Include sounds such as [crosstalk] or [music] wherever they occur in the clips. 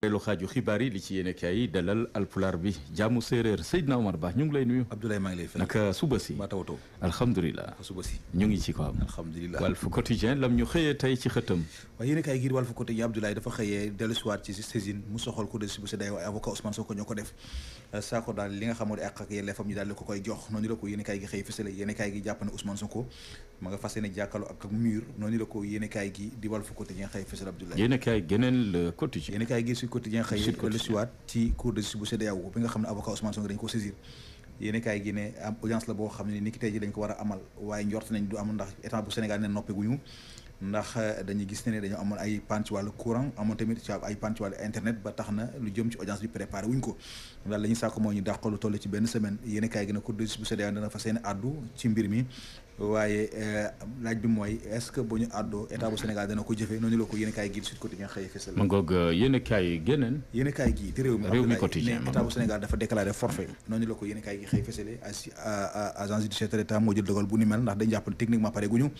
reelu xaaju xibaar li ci yéene kaay yi dalal alpulaar bi jaamu séeréer Seydina Omar Ba ñu ngi lay nuyu Abdoulaye maa ngi lay fay naka suba si ba tawatoo alhamdulilah si ñu ngi ci ko am alhamdulilah Walf Quotidien lam ñu xëyee tey ci xëtam waaye yéene kaay gi Walf Quotidien Abdoulaye dafa xëyee dellu siwaat ci saisine mu soxal ko de si bu si day waaye avocat Ousmane ñoo ko def euh, saako daal li nga xamoo di àq ak yelleefam ñu daal di ko koy jox noonu la ko yéene gi xëy fësale yéene gi jàpp ne Ousmane Sonko ma nga fas yéene jàkkaarloo ak mur noonu la ko yéenekaay gi di Walf Quotidien xëy Fassal Abdoulaye yéenekaay geneen le quotidien yéenekaay gi Sud Quotidien xëy ne avocat Ousmane Sonko dañ ko gi ne am boo xam ne ni ki ko war a amal waaye njort nañ du am ndax état bu Sénégal ne ndax eh, dañuy gis ne ne dañoo ay panne ci wàllu courant amoon tamit ci ay panne ci wàllu internet ba tax na lu jëm ci audience bi préparé wuñ ko daal la ñuy mooy ñu dàqalu toll ci benn semaine yenekaay gi ne cour de justice bu CEDEAO dana fas yéene àddu ci mbir mi waaye euh, laaj bi mooy est-ce que bu ñu àddoo état bu Sénégal dana ko jëfe noonu la ko yéen a kaay gii Sud Quotidien xëy fësal. ma ngoog yéen a kaay réew mi. réew mi dafa déclaré forfait. noonu la ko yéen a kaay gi xëy agence judiciaire de l'État moo jël dogal bu ni mel ndax dañu jàpp ne techniquement pare guñu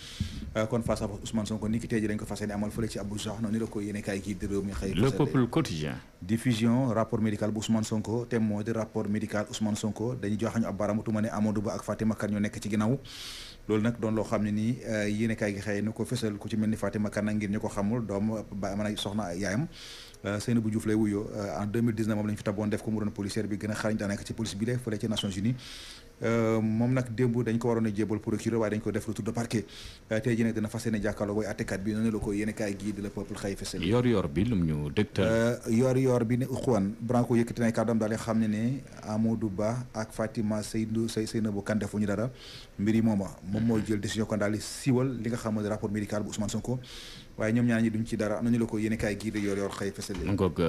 euh, kon face à face Ousmane Sonko ni ki tey ji dañ ko fas yéene amal fële ci Abuja noonu la ko yéen a kaay te réew mi xëy fësale. le peuple quotidien. diffusion rapport médical bu Ousmane Sonko thème moo di rapport médical Ousmane Sonko dañuy joxañu ab baaraamu tuuma ne Amadou Ba ak Fatima nekk ci ginnaaw loolu nag doon loo xam ne nii euh, yéen kaay gi xëy na ko fësal ku ci mel ni Fatima Kane ngir ñu ko xamul doom ba mën a soxna yaayam euh, Seynabou Diouf lay wuyoo euh, en 2019 moom la fi taboon def ko mu policière bi gën a xarañ daanaka ci police bi la fële ci Nations Unies Euh, moom nag démb dañ ko waroon a jébal procureur waaye dañ ko def retour de parquet euh, tey jii nag dina fas yéene jàkkaarloo booy àttekat bi noonu la ko yéene kaay gii di la peuple xëy fesal yor yor bi lum ñu dëgtal euh, yor yor bi ne uxuwan Branco yëkkati nay dara mbir yi mooma moom moo jël décision kon daal di siiwal li nga xam ne rapport médical bu Ousmane Sonko waaye nañu la ko yéene kaay gii di yor yor xëy fesal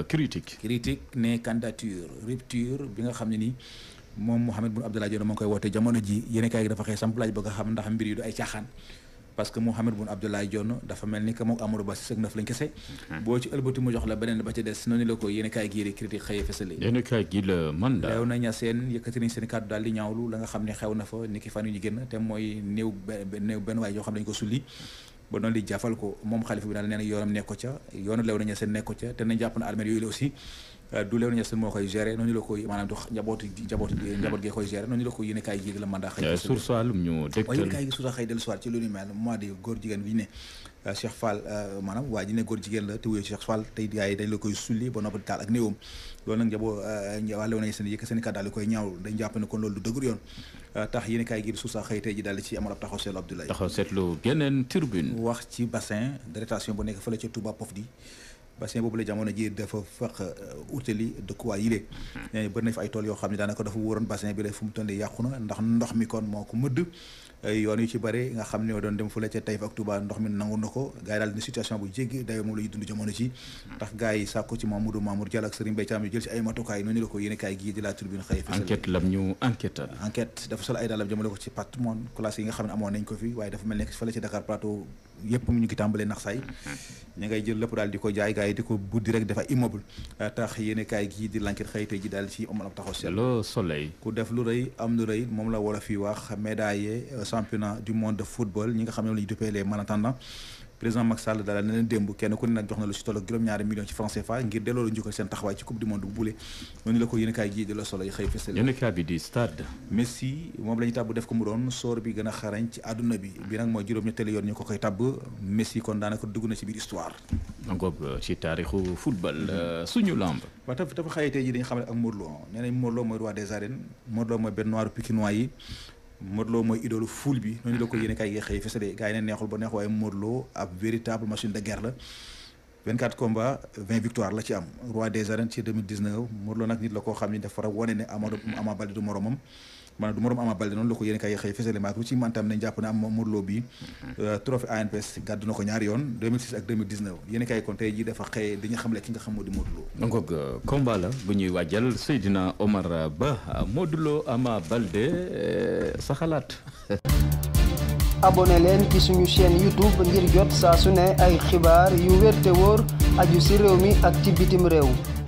critique critique ne candidature rupture bi nga xam ne nii moom Mouhamed Boun Abdallah Dionne moo ngi koy woote jamono ji yéen gi dafa xëy samp laaj bëgg a xam ndax mbir yi du ay caaxaan parce que Mouhamed Boun Abdallah dafa mel ni que moom Amadou Ba sëg naf lañ kese boo ci ëlbati mu jox la beneen ba ci des noonu la ko yéen kaay gii critique xëyee fësale yéen kaay gi di ñaawlu la nga xam ne xew na fa ni ki fan yu ñu génn te mooy néew benn waay yoo xam dañ ko sulli ba noonu li jafal ko moom xalifa bi daal nee na yoonam nekko ca yoonu Léona Niassène nekko ca te nañ jàpp na armée yooyu la aussi euh, du Léona Niassène moo koy gérer noonu la koy maanaam du njabootu njaboot gee koy gérer noonu la ko yéen a kaay yéegi la mandat xëy sursaalum ñu ah, dégtal yéen a kaay soir ci lu ñu mel mois de góor jigéen bi ne Euh, Cheikh Fall euh, maanaam waa ji ne góor jigéen la te wuyoo Cheikh Fall tey gars yi dañ la koy sulli ba noppi taal ak néewam loolu nag njaboo wax lew nañ seen yëkk seen i daal di koy ñaaw dañ jàpp ne kon loolu lu dëgër yoon euh, tax yéen i kaay gi di suusa xëy tey ji daal di ci amal ab taxaw seetlu Abdoulaye taxaw seetlu beneen turbine wax ci bassin de bu nekk fële ca Touba Pofdi bassin boobu la jamono ji dafa faq euh, utali dëkkuwaay yi lee mm-hmm. eh, bëri na fi ay tool yoo xam ne daanaka dafa wóoroon bassin bi la fu mu toll yàqu na eh, moom mm-hmm. la ko yéene kaay gii di la tribune xëy enquête lam mu ñu ngi nax saay mm-hmm. ña ngay jël lépp daal di ko jaay gars ko buddi rek dafa immeuble euh, tax yéen kaay gii di lanket xëyte ji daal ci amal ab taxaw seetlu soleil ku def lu rëy am lu rey moom la wolof yi wax médaillé euh, championnat du monde de football ñi nga xam ne la ñu duppee les malentendants président Macky Sall daal na leen démb kenn ku ne nag jox na lu ci tolloog juróom-ñaari millions ci francs CFA ngir delloo la njukkal seen taxawaay ci coupe du monde bu buule noonu la ko yéen kaay ji de la solo yi xëy fësal yéen kaay bi di stade Messi moom la tàbb def ko mu doon soor bi gën a xarañ ci àdduna bi bi nag mooy juróom-ñetteelu yoon ñu ko koy tàbb Messi kon daanaka dugg na ci biir histoire ngoob euh, ci taarixu football euh, suñu lamb waaw Modou mooy idolu fuul bi noonu la ko mm-hmm. yéen a kaay xëy fësale gars yi neexul ba neex waaye Modou Lo ab véritable machine de guerre la 24 combats 20 victoires la ci am roi des arènes ci 2019 Modou Lo nag nit la ko xam ni dafa war a wane ne Amadou Ama Baldé du maanaam du morom Ama Baldé noonu la ko yéen kay xëy fësale maak lu ci mantam nañ jàpp ne am Modou bi mhm. euh, trophée ANPS gàddu na ko ñaari yoon 2006 ak 2019 yéen kay kon tey jii dafa xëy di xam le ki nga xam moo di Modou Lo donc euh, combat la bu ñuy wàajal Seydina Ba Modou Lo Ama Baldé euh, sa xalaat [laughs] abonné leen su suñu chaîne YouTube ngir jot saa su ne ay xibaar yu wér wóor aju ci réew mi ak ci bitim réew